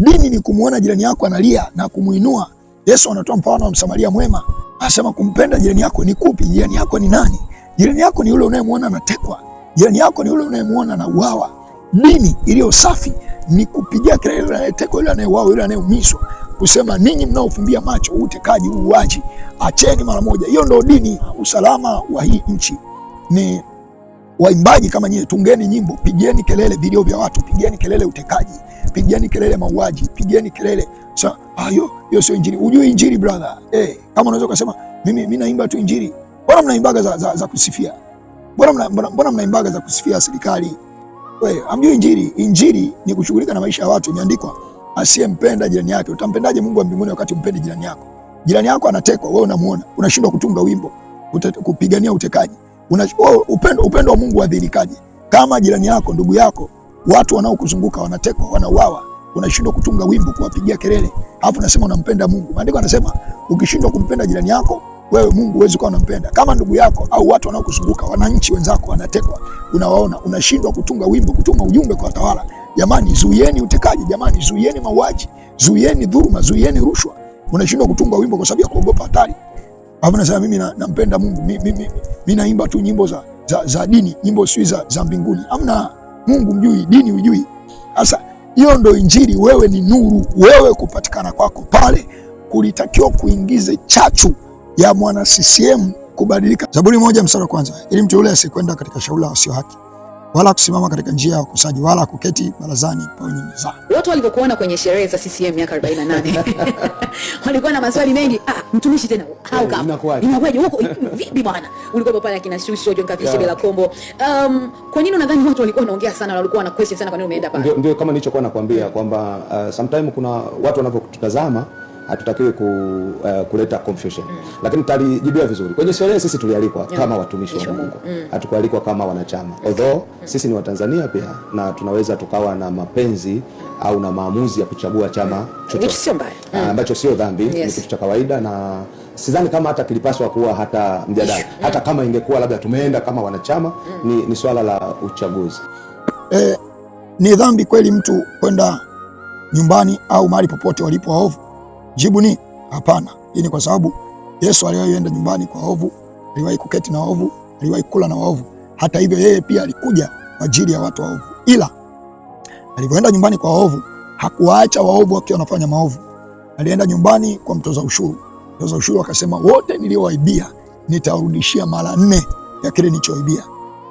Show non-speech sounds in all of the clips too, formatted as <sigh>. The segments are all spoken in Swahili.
Dini ni kumuona jirani yako analia na kumuinua. Yesu anatoa mfano wa Msamaria mwema, anasema kumpenda jirani yako ni kupi? Jirani yako ni nani? Jirani yako ni yule unayemwona anatekwa, jirani yako ni yule unayemwona anauawa. Dini iliyo safi ni kupigia kelele yule anayetekwa, yule anayeuawa, yule anayeumizwa, kusema ninyi mnaofumbia macho utekaji, uuaji, acheni mara moja. Hiyo ndio dini. Usalama wa hii nchi ni waimbaji kama nyie, tungeni nyimbo, pigeni kelele vilio vya watu, pigeni kelele utekaji Pigeni kelele mauaji, pigeni kelele. Sasa hiyo hiyo sio injili. Unajui injili brother? Eh, kama unaweza kusema mimi mimi naimba tu injili. Bora mnaimbaga za, za, za kusifia. Bora mna, bora mnaimbaga za kusifia serikali. Wewe amjui injili. Injili ni kushughulika na maisha ya watu. Imeandikwa, asiyempenda jirani yake utampendaje Mungu wa mbinguni wakati umpende jirani yako? Jirani yako anatekwa, wewe unamuona, unashindwa kutunga wimbo kupigania utekaji. Una, upendo, upendo wa Mungu wadhirikaje kama jirani yako ndugu yako watu wanaokuzunguka wanatekwa, wanauawa, unashindwa kutunga wimbo, kuwapigia kelele, alafu unasema unampenda Mungu. Maandiko anasema ukishindwa kumpenda jirani yako wewe Mungu huwezi kuwa unampenda. Kama ndugu yako au watu wanaokuzunguka wananchi wenzako wanatekwa, unawaona, unashindwa kutunga wimbo, kutuma ujumbe kwa watawala. Jamani, zuieni utekaji, jamani, zuieni mauaji, zuieni dhuluma, zuieni rushwa. Unashindwa kutunga wimbo kwa sababu ya kuogopa hatari. Hapo nasema mimi nampenda Mungu, mimi naimba tu nyimbo za, za, za dini, nyimbo si za, za mbinguni. Amna Mungu mjui, dini ujui. Sasa hiyo ndo Injili. Wewe ni nuru, wewe kupatikana kwako pale kulitakiwa kuingize chachu ya mwana CCM kubadilika. Zaburi moja mstari wa kwanza, ili mtu yule asikwenda katika shauri la wasio haki wala kusimama katika njia ya wakosaji wala kuketi barazani pa wenye mizaa. Watu walivyokuona kwenye sherehe za CCM miaka 48 <laughs> walikuwa na maswali mengi. Ah, mtumishi tena how come inakuwaje huko vipi bwana, ulikuwa pale akina Shushi Shusho John Kavishe bila kombo. Um, kwa nini unadhani watu walikuwa wanaongea sana na walikuwa na question sana, kwa nini umeenda pale? Ndio, ndio kama nilichokuwa nakwambia kwamba uh, sometime kuna watu wanavyotutazama hatutakiwi ku, uh, kuleta confusion mm. Lakini tutajibia vizuri kwenye sherehe. Sisi tulialikwa yeah. kama watumishi wa Mungu mm. hatukualikwa kama wanachama okay. although mm. sisi ni Watanzania pia na tunaweza tukawa na mapenzi au na maamuzi ya kuchagua chama mm. chochote ah, mm. ambacho sio dhambi yes. Ni kitu cha kawaida na sidhani kama hata kilipaswa kuwa hata mjadala mm. hata kama ingekuwa labda tumeenda kama wanachama mm. ni, ni swala la uchaguzi eh, ni dhambi kweli mtu kwenda nyumbani au mahali popote walipo waovu Jibu ni hapana. Hii ni kwa sababu Yesu aliwahi enda nyumbani kwa ovu, aliwahi kuketi na waovu, aliwahi kula na ovu. Hata hivyo, yeye pia alikuja kwa ajili ya watu waovu, ila alivyoenda nyumbani kwa waovu hakuwaacha waovu wakiwa wanafanya maovu. Alienda nyumbani kwa mtoza ushuru. Mtoza ushuru akasema, wote niliowaibia nitawarudishia mara nne ya kile nilichoibia.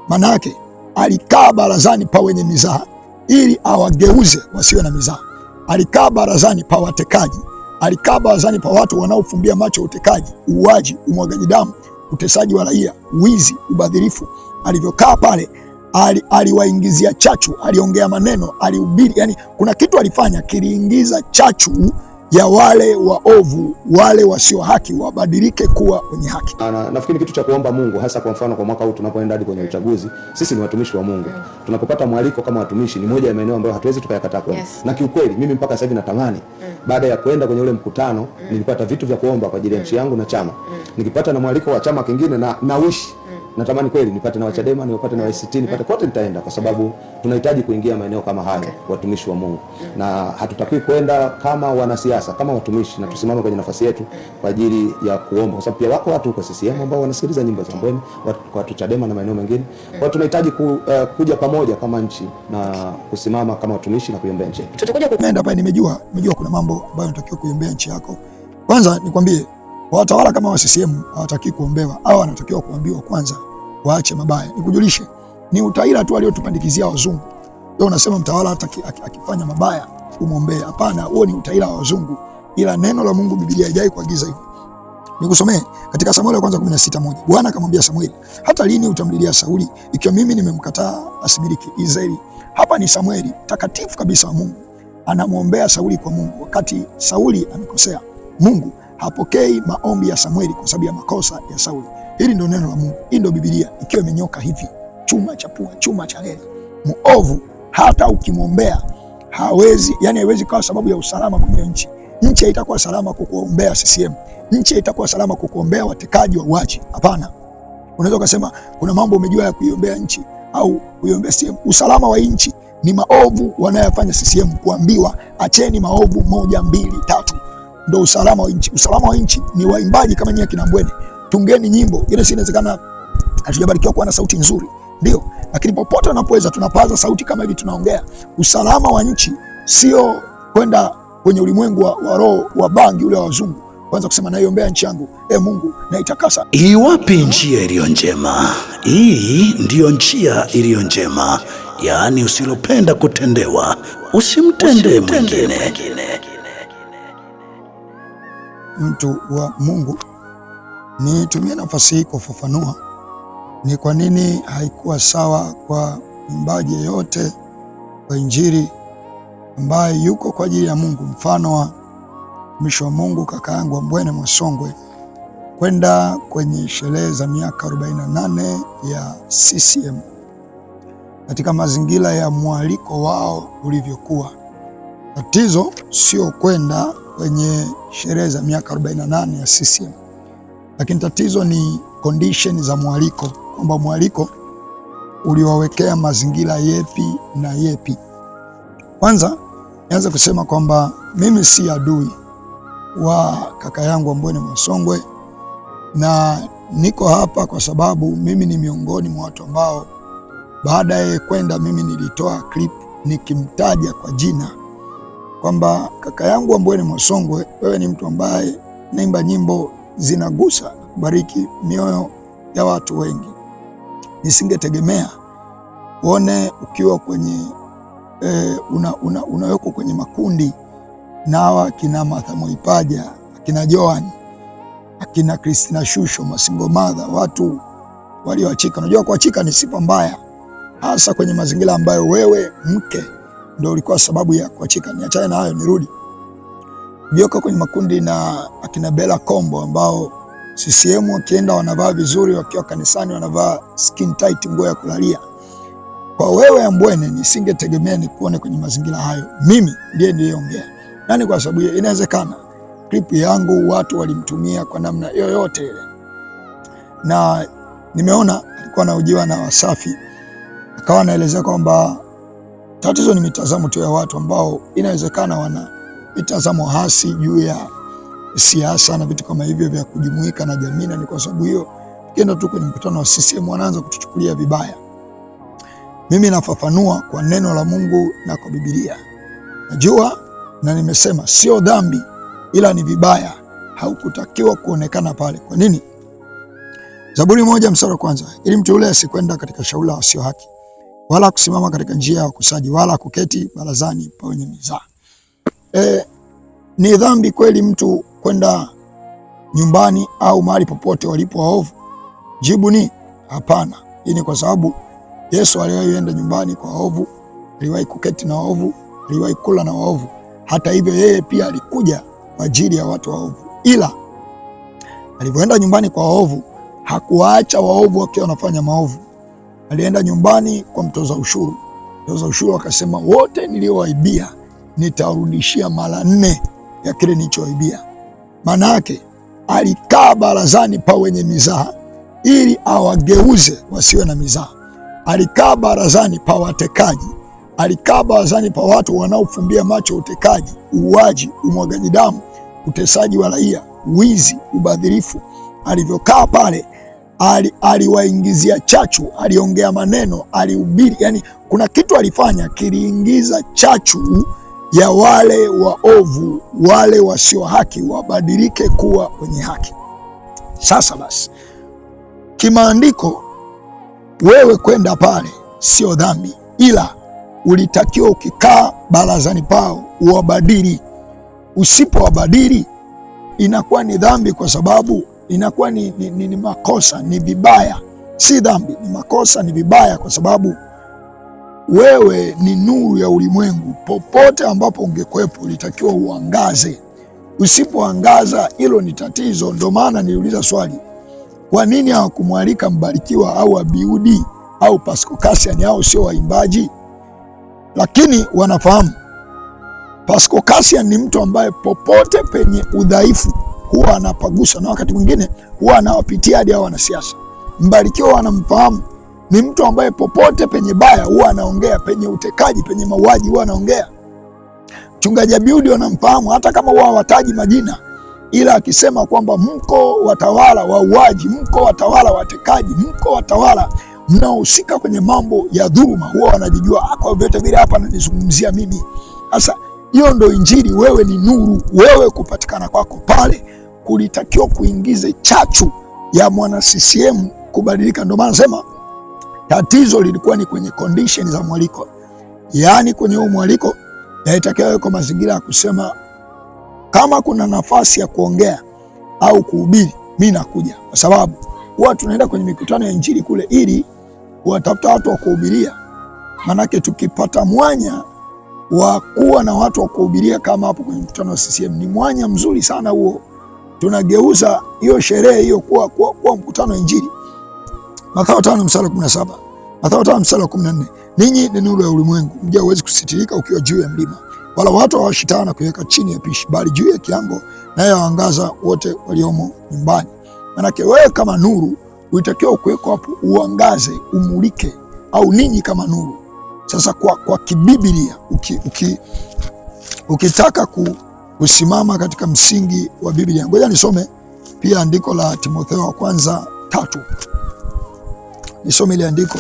Maana yake alikaa barazani pa wenye mizaha ili awageuze wasiwe na mizaha. Alikaa barazani pa watekaji alikaa barazani pa watu wanaofumbia macho utekaji, uuaji, umwagaji damu, utesaji wa raia, wizi, ubadhirifu. Alivyokaa pale aliwaingizia ali chachu, aliongea maneno, alihubiri. Yani kuna kitu alifanya kiliingiza chachu ya wale waovu, wale wasio haki wabadilike kuwa wenye haki. Na, nafikiri kitu cha kuomba Mungu hasa kwa mfano kwa mwaka huu tunapoenda hadi kwenye uchaguzi, sisi ni watumishi wa Mungu. Tunapopata mwaliko kama watumishi ni moja ya maeneo ambayo hatuwezi tukayakataa kwenda. Yes. Na kiukweli mimi mpaka sasa hivi natamani mm. baada ya kwenda kwenye ule mkutano mm. nilipata vitu vya kuomba kwa ajili ya nchi mm. yangu na chama mm. nikipata na mwaliko wa chama kingine na nawishi natamani kweli nipate na mm. Wachadema nipate na ACT mm. nipate kote, nitaenda kwa sababu tunahitaji kuingia maeneo kama haya okay. Watumishi wa Mungu mm. na hatutakiwi kwenda kama wanasiasa, kama watumishi, na tusimame kwenye nafasi yetu kwa ajili ya kuomba, kwa sababu pia wako watu huko CCM ambao wanasikiliza nyimbo za Ambweni, watu Chadema na maeneo mengine. Kwa hiyo tunahitaji ku, uh, kuja pamoja kama nchi na kusimama kama watumishi na kuiombea nchi Tutakuja kuenda pale, nimejua nimejua kuna mambo ambayo natakiwa kuiombea nchi yako. Kwanza nikwambie watawala kama wa CCM hawataki kuombewa au wanatakiwa kuambiwa kwanza waache mabaya. Nikujulishe ni utaira tu aliotupandikizia wazungu. Wewe unasema mtawala hata akifanya mabaya umwombee? Hapana, huo ni utaira wa wazungu, ila neno la Mungu Biblia haijai kuagiza hivyo. Nikusomee katika Samueli wa kwanza 16:1. Bwana akamwambia Samueli, hata lini utamlilia Sauli ikiwa mimi nimemkataa asimiliki Israeli? Hapa ni Samueli takatifu kabisa wa Mungu anamwombea Sauli kwa Mungu, wakati Sauli amekosea. Mungu hapokei maombi ya Samueli kwa sababu ya makosa ya Sauli. Hili ndio neno la Mungu, hii ndio Biblia ikiwa imenyoka hivi, chuma cha pua, chuma cha reli. Muovu hata ukimwombea hawezi, yani haiwezi kawa sababu ya usalama kwenye nchi. Nchi haitakuwa salama kwa kuombea CCM, nchi haitakuwa salama kwa kuombea watekaji wa uaji. Hapana, unaweza ukasema kuna mambo umejua ya kuiombea nchi au kuiombea CCM. Usalama wa nchi ni maovu wanayofanya CCM, kuambiwa acheni maovu moja mbili tatu, ndio usalama wa nchi. Usalama wa nchi ni waimbaji kama nyinyi kina Mbwene tungeni nyimbo. Ile si inawezekana, hatujabarikiwa kuwa na sauti nzuri, ndio, lakini popote unapoweza tunapaza sauti kama hivi, tunaongea usalama wa nchi, sio kwenda kwenye ulimwengu wa, wa roho wa bangi ule wa wazungu, kwanza kusema naiombea nchi yangu, e Mungu, na itakasa. Iwapi njia iliyo njema? Hii ndiyo njia iliyo njema, yaani usilopenda kutendewa usimtende mwingine. Mtu wa Mungu Nitumie nafasi hii kufafanua ni kwa nini haikuwa sawa kwa mwimbaji yeyote wa Injili ambaye yuko kwa ajili ya Mungu, mfano wa mtumishi wa Mungu kaka yangu Ambwene Mwasongwe kwenda kwenye sherehe za miaka 48 ya CCM katika mazingira ya mwaliko wao ulivyokuwa. Tatizo sio kwenda kwenye sherehe za miaka 48 ya CCM lakini tatizo ni condition za mwaliko, kwamba mwaliko uliwawekea mazingira yepi na yepi. Kwanza nianze kusema kwamba mimi si adui wa kaka yangu ambwene Mwasongwe na niko hapa kwa sababu mimi ni miongoni mwa watu ambao baada ya kwenda mimi nilitoa clip nikimtaja kwa jina kwamba kaka yangu ambwene Mwasongwe, wewe ni mtu ambaye naimba nyimbo zinagusa kubariki mioyo ya watu wengi. Nisingetegemea one ukiwa kwenye e, eh, unawekwa una, una kwenye makundi nawa akina kina Martha Moipaja, akina Joan, akina Christina Shusho, Masingo Madha, watu walioachika. Unajua kuachika ni sifa mbaya, hasa kwenye mazingira ambayo wewe mke ndio ulikuwa sababu ya kuachika. Niachane na hayo, nirudi Joka kwenye makundi na akina Bella Kombo ambao CCM wakienda wanavaa vizuri, wakiwa kanisani wanavaa skin tight, nguo ya kulalia. Kwa wewe Ambwene, nisingetegemea nikuone kwenye mazingira hayo. Mimi ndiye niliyeongea nani, kwa sababu inawezekana klipu yangu watu walimtumia kwa namna yoyote ile, na nimeona alikuwa anaujiwa na Wasafi, akawa anaelezea kwamba tatizo ni mitazamo tu ya watu ambao inawezekana wana mitazamo hasi juu ya siasa na vitu kama hivyo vya kujumuika na jamii, na ni kwa sababu hiyo ukienda tu kwenye mkutano wa CCM wanaanza kutuchukulia vibaya. Mimi nafafanua kwa neno la Mungu na kwa Biblia. Najua na nimesema sio dhambi, ila ni vibaya, haukutakiwa kuonekana pale. Kwa nini? Zaburi moja mstari wa kwanza, ili mtu yule asikwenda katika shauri la wasio haki, wala kusimama katika njia ya wakusaji, wala kuketi barazani pa wenye mizaa e, ni dhambi kweli mtu kwenda nyumbani au mahali popote walipo waovu? Jibu ni hapana. Hii ni kwa sababu Yesu aliwahi enda nyumbani kwa waovu, aliwahi kuketi na waovu, aliwahi kula na waovu. Hata hivyo, yeye pia alikuja kwa ajili ya watu waovu, ila alivyoenda nyumbani kwa waovu hakuwaacha waovu wakiwa wanafanya maovu. Alienda nyumbani kwa mtoza ushuru. Mtoza ushuru akasema, wote niliowaibia nitarudishia mara nne ya kile nilichoibia. Manake alikaa barazani pa wenye mizaha ili awageuze wasiwe na mizaha. Alikaa barazani pa watekaji, alikaa barazani pa watu wanaofumbia macho utekaji, uuaji, umwagaji damu, utesaji wa raia, wizi, ubadhirifu. Alivyokaa pale aliwaingizia ali chachu, aliongea maneno, alihubiri. Yani kuna kitu alifanya kiliingiza chachu ya wale waovu, wale wasio haki wabadilike kuwa wenye haki. Sasa basi, kimaandiko wewe kwenda pale sio dhambi, ila ulitakiwa ukikaa barazani pao uwabadili. Usipowabadili inakuwa ni dhambi, kwa sababu inakuwa ni, ni, ni, ni makosa, ni vibaya. Si dhambi, ni makosa, ni vibaya, kwa sababu wewe ni nuru ya ulimwengu. Popote ambapo ungekwepo, ulitakiwa uangaze. Usipoangaza, hilo ni tatizo. Ndio maana niliuliza swali, kwa nini hawakumwalika Mbarikiwa au Abiudi au Pasco Cassian au sio waimbaji? Lakini wanafahamu Pasco ni mtu ambaye popote penye udhaifu huwa anapagusa, na wakati mwingine huwa anawapitia hadi hao wanasiasa. Mbarikiwa wanamfahamu ni mtu ambaye popote penye baya huwa anaongea, penye utekaji, penye mauaji huwa anaongea. Mchungaji Abiudi wanamfahamu hata kama huwa hawataji majina, ila akisema kwamba mko watawala wauaji, mko watawala watekaji, mko watawala mnaohusika kwenye mambo ya dhuluma, huwa wanajijua ah, kwa vyote vile, hapa nanizungumzia mimi. Sasa hiyo ndo Injili. Wewe ni nuru, wewe kupatikana kwako pale kulitakiwa kuingize chachu ya mwana CCM kubadilika. Ndio maana nasema Tatizo lilikuwa ni kwenye condition za mwaliko, yaani kwenye huu mwaliko yaitakiwa kwa mazingira ya kusema kama kuna nafasi ya kuongea au kuhubiri, mi nakuja, kwa sababu huwa tunaenda kwenye mikutano ya injili kule ili kuwatafuta watu wa kuhubiria. Manake tukipata mwanya wa kuwa na watu wa kuhubiria kama hapo kwenye mkutano wa CCM ni mwanya mzuri sana huo, tunageuza hiyo sherehe hiyo kuwa, kuwa, kuwa mkutano wa injili. Mathayo tano msala kumi na saba Mathayo tano msala kumi na nne ninyi ni nuru ya ulimwengu, mji hauwezi kusitirika ukiwa juu ya mlima, wala watu hawashi na kuiweka chini ya pishi, bali juu ya kiango, naye waangaza wote waliomo nyumbani. Manake wewe kama nuru ulitakiwa kuwekwa hapo, uangaze, umulike, au ninyi kama nuru. Sasa kwa, kwa kibiblia uki, uki, ukitaka ku, kusimama katika msingi wa Biblia, ngoja nisome pia andiko la Timotheo wa kwanza tatu Nisome ile andiko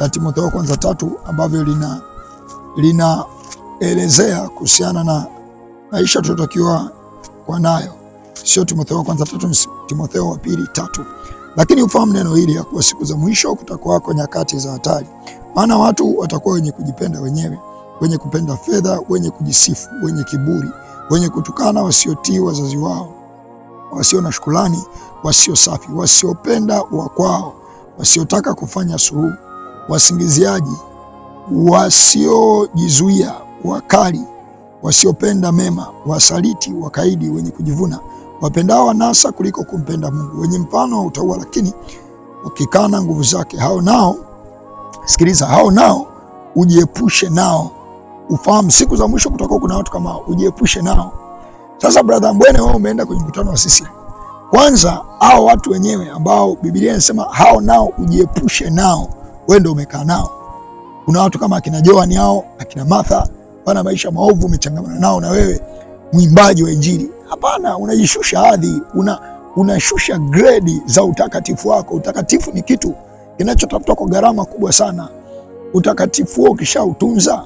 la Timotheo kwanza tatu ambavyo lina linaelezea kuhusiana na maisha tunatakiwa kwa nayo, sio Timotheo wa kwanza tatu, Timotheo wa pili tatu. Lakini ufahamu neno hili ya kuwa siku za mwisho kwa nyakati za hatari, maana watu watakuwa wenye kujipenda wenyewe, wenye kupenda fedha, wenye kujisifu, wenye kiburi, wenye kutukana, wasiotii wazazi wao, wasio na shukrani, wasio safi, wasiopenda wakwao wasiotaka kufanya suluhu, wasingiziaji, wasiojizuia, wakali, wasiopenda mema, wasaliti, wakaidi, wenye kujivuna, wapendao wanasa kuliko kumpenda Mungu, wenye mfano wa utaua lakini wakikana nguvu zake. Hao nao sikiliza, hao nao ujiepushe nao. Ufahamu siku za mwisho kutakuwa kuna watu kama, ujiepushe nao. Sasa brother Mbwene, wewe umeenda kwenye mkutano wa sisi kwanza hao watu wenyewe ambao Biblia inasema hao nao ujiepushe nao, wewe ndio umekaa nao. Kuna watu kama akina joani hao akina Martha, wana maisha maovu, umechangamana nao. Na wewe mwimbaji wa Injili, hapana, unajishusha hadhi, una unashusha gredi za utakatifu wako. Utakatifu ni kitu kinachotafutwa kwa gharama kubwa sana. Utakatifu huo ukishautunza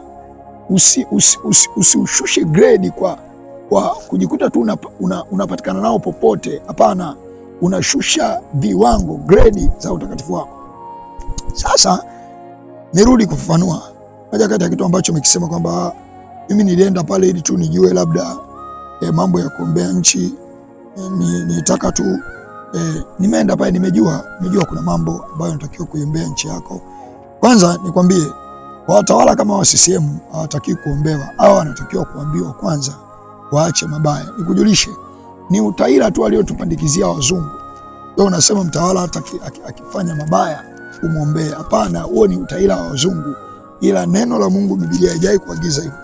usiushushe usi, usi, usi gredi kwa kwa kujikuta tu unapatikana una, una nao popote. Hapana, unashusha viwango gredi za utakatifu wako. Sasa nirudi kufafanua moja kati ya kitu ambacho mekisema kwamba mimi nilienda pale ili tu nijue labda e, mambo ya kuombea nchi e, nitaka ni tu e, nimeenda pale nimejua, nimejua kuna mambo ambayo natakiwa kuiombea nchi yako. Kwanza nikwambie, watawala kama wa CCM hawatakiwi kuombewa au wanatakiwa kuambiwa kwanza waache mabaya. Nikujulishe ni utaira tu aliotupandikizia wazungu. Wewe unasema mtawala hata akifanya mabaya umwombee? Hapana, huo ni utaira wa wazungu, ila neno la Mungu, Biblia haijai kuagiza hivyo.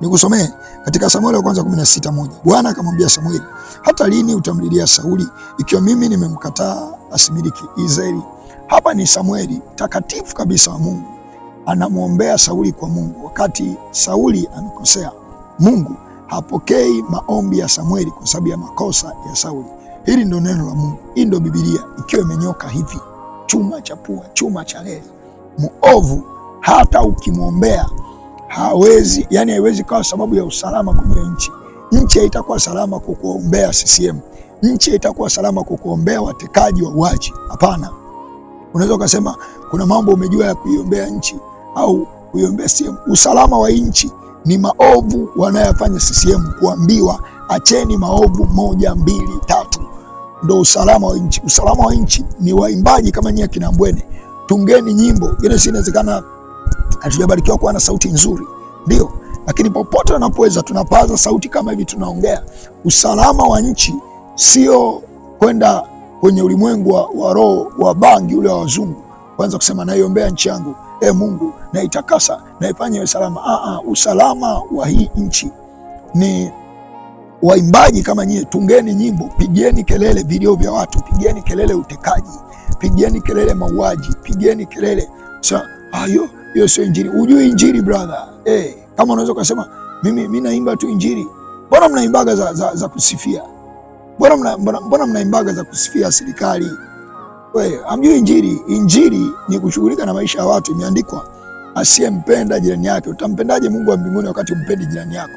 Nikusomee katika Samueli wa kwanza kumi na sita moja. Bwana akamwambia Samueli, hata lini utamlilia Sauli ikiwa mimi nimemkataa asimiliki Israeli? Hapa ni Samueli takatifu kabisa wa Mungu anamwombea Sauli kwa Mungu, wakati Sauli amekosea Mungu hapokei maombi ya Samueli kwa sababu ya makosa ya Sauli. Hili ndo neno la Mungu, hii ndo Bibilia ikiwa imenyoka hivi, chuma cha pua, chuma cha reli. Muovu hata ukimwombea hawezi, yani haiwezi kawa sababu ya usalama kwenye nchi. Nchi haitakuwa salama kwa kuombea CCM, nchi haitakuwa salama kwa kuombea watekaji wa uaji. Hapana, unaweza ukasema kuna mambo umejua ya kuiombea nchi au kuiombea CCM, usalama wa nchi ni maovu wanayofanya CCM, kuambiwa acheni maovu moja mbili tatu, ndo usalama wa nchi. Usalama wa nchi ni waimbaji kama nyie kina Mbwene, tungeni nyimbo ile. Si inawezekana hatujabarikiwa kuwa na sauti nzuri, ndio, lakini popote wanapoweza tunapaza sauti kama hivi tunaongea. Usalama wa nchi sio kwenda kwenye ulimwengu wa roho wa bangi ule wa wazungu, kwanza kusema naiombea nchi yangu e Mungu naitakasa naifanya iwe salama. Aa, ah, ah, usalama wa hii nchi ni waimbaji kama nyie, tungeni nyimbo, pigeni kelele vilio vya watu, pigeni kelele utekaji, pigeni kelele mauaji, pigeni kelele sa hiyo hiyo sio injili. Ujui injili brother eh? Kama unaweza ukasema mimi mi naimba tu injili, mbona mnaimbaga za, za, za kusifia? Mbona mnaimbaga za kusifia serikali? Wewe amjui injili? Injili ni kushughulika na maisha ya watu. Imeandikwa, asiyempenda jirani yake utampendaje Mungu wa mbinguni wakati umpendi jirani yako?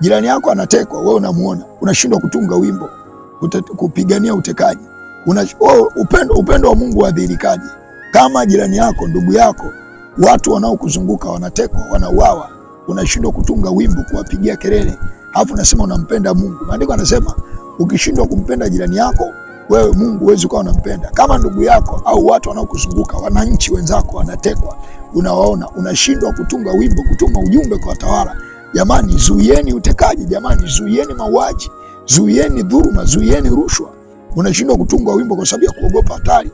Jirani yako anatekwa, wewe unamuona, unashindwa kutunga wimbo kupigania utekaji. Una, oh, upendo, upendo wa Mungu wadhihirikaje kama jirani yako, ndugu yako, watu wanaokuzunguka wanatekwa, wanauawa, unashindwa kutunga wimbo, kuwapigia kelele, alafu unasema unampenda Mungu? Maandiko anasema ukishindwa kumpenda jirani yako wewe Mungu huwezi ukawa unampenda kama ndugu yako au watu wanaokuzunguka wananchi wenzako wanatekwa, unawaona unashindwa kutunga wimbo, kutuma ujumbe kwa watawala, jamani, zuieni utekaji, jamani, zuieni mauaji, zuieni dhuluma, zuieni rushwa. Unashindwa kutunga wimbo kwa sababu ya kuogopa hatari.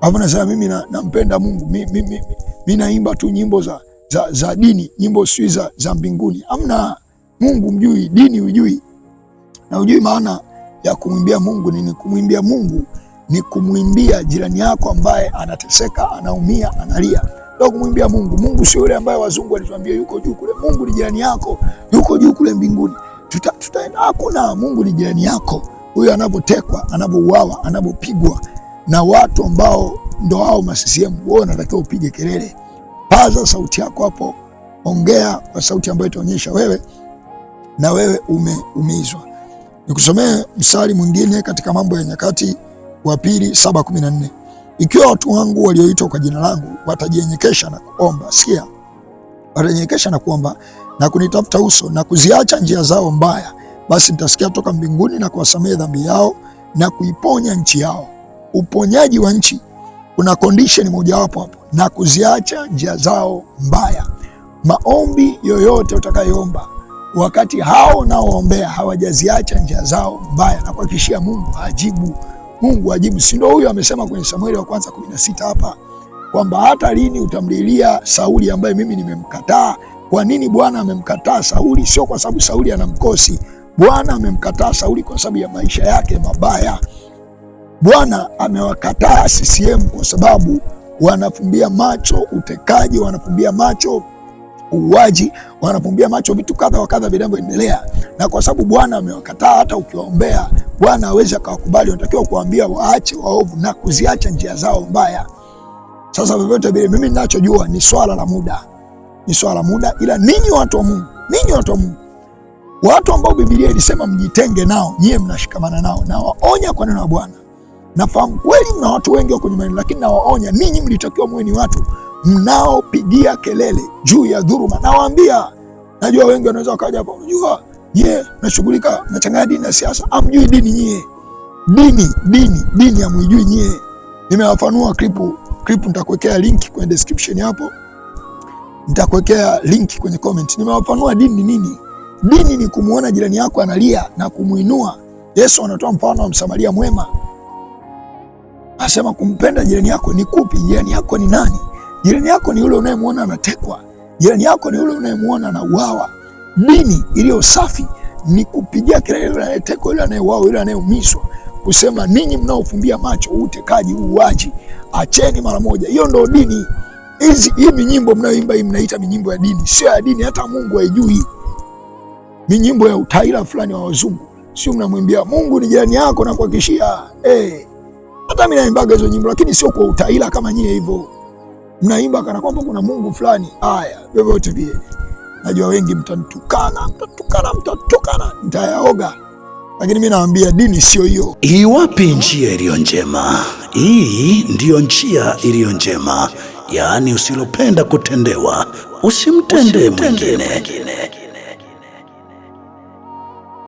Hapo nasema mimi nampenda Mungu, mimi naimba tu nyimbo za, za, za dini, nyimbo sijui za, za mbinguni. Amna Mungu mjui, dini ujui na ujui maana ya kumwimbia Mungu ni kumwimbia Mungu ni kumwimbia jirani yako ambaye anateseka, anaumia, analia. Ndio kumwimbia Mungu. Mungu sio yule ambaye wazungu walituambia yuko juu kule. Mungu ni jirani yako, yuko juu kule mbinguni. Tuta, tutaenda hakuna. Mungu ni jirani yako, huyo anapotekwa, anapouawa, anapopigwa na watu ambao ndo hao masisiemu. Wewe unatakiwa upige kelele, paza sauti yako hapo, ongea kwa sauti ambayo itaonyesha wewe na wewe umeumizwa. Nikusomee msali mwingine katika Mambo ya Nyakati wa Pili 7:14 ikiwa watu wangu walioitwa kwa jina langu watajinyekesha na kuomba, sikia, watajinyekesha na kuomba na kunitafuta uso na kuziacha njia zao mbaya, basi nitasikia toka mbinguni na kuwasamehe dhambi yao na kuiponya nchi yao. Uponyaji wa nchi kuna condition mojawapo hapo, na kuziacha njia zao mbaya. Maombi yoyote utakayoomba wakati hao unaoombea hawajaziacha njia zao mbaya, na kuhakikishia Mungu ajibu, Mungu ajibu. Si ndio huyo amesema kwenye Samueli wa kwanza 16 hapa kwamba hata lini utamlilia Sauli ambaye mimi nimemkataa? Kwa nini Bwana amemkataa Sauli? Sio kwa sababu Sauli anamkosi Bwana amemkataa Sauli kwa sababu ya maisha yake mabaya. Bwana amewakataa CCM kwa sababu wanafumbia macho utekaji, wanafumbia macho uuaji, wanapumbia macho vitu kadha wa kadha vinavyoendelea, na kwa sababu Bwana amewakataa, hata ukiwaombea Bwana awezi akawakubali. Unatakiwa kuwaambia waache waovu na kuziacha njia zao mbaya. Sasa vyovyote vile, mimi ninachojua ni swala la muda, ni swala la muda, ila ninyi watu wa Mungu, ninyi watu wa Mungu, watu ambao Biblia ilisema mjitenge nao, nyie mnashikamana nao, na waonya kwa neno la Bwana. Nafahamu kweli mna watu wengi wa kwenye maneno, lakini nawaonya ninyi, mlitakiwa mweni watu mnaopigia kelele juu ya dhuruma. Nawaambia, najua wengi wanaweza wakaja hapa, unajua ye nashughulika nachanganya dini na siasa. Amjui dini nyie, dini dini dini amwijui nyie. Nimewafanua klipu klipu, nitakuwekea link kwenye description hapo, nitakuwekea link kwenye comment. Nimewafanua dini nini. Dini ni kumuona jirani yako analia na kumuinua. Yesu anatoa mfano wa Msamaria mwema anasema kumpenda jirani yako ni kupi? Jirani yako ni nani? Jirani yako ni yule unayemwona anatekwa, jirani yako ni yule unayemwona anauawa. Dini iliyo safi ni kupigia kelele yule anayetekwa, yule anayeuawa, yule anayeumizwa, kusema ninyi mnaofumbia macho utekaji, uuaji, acheni mara moja. Hiyo ndio dini. Hizi hii minyimbo mnayoimba hii mnaita minyimbo ya dini, sio ya dini, hata Mungu haijui. Minyimbo ya utaila fulani wa wazungu, sio mnamwimbia Mungu ni jirani yako, na nakuhakikishia eh hey. Hata mimi naimbaga hizo nyimbo, lakini sio kwa utaila kama nyie hivyo mnaimba kana kwamba kuna Mungu fulani. Haya, vyovyote vile, najua wengi mtanitukana, mtatukana, mtatukana, mtayaoga, lakini mi naambia dini sio hiyo. Iwapi njia iliyo njema? Hii ndiyo njia iliyo njema, yaani usilopenda kutendewa usimtendee mwingine.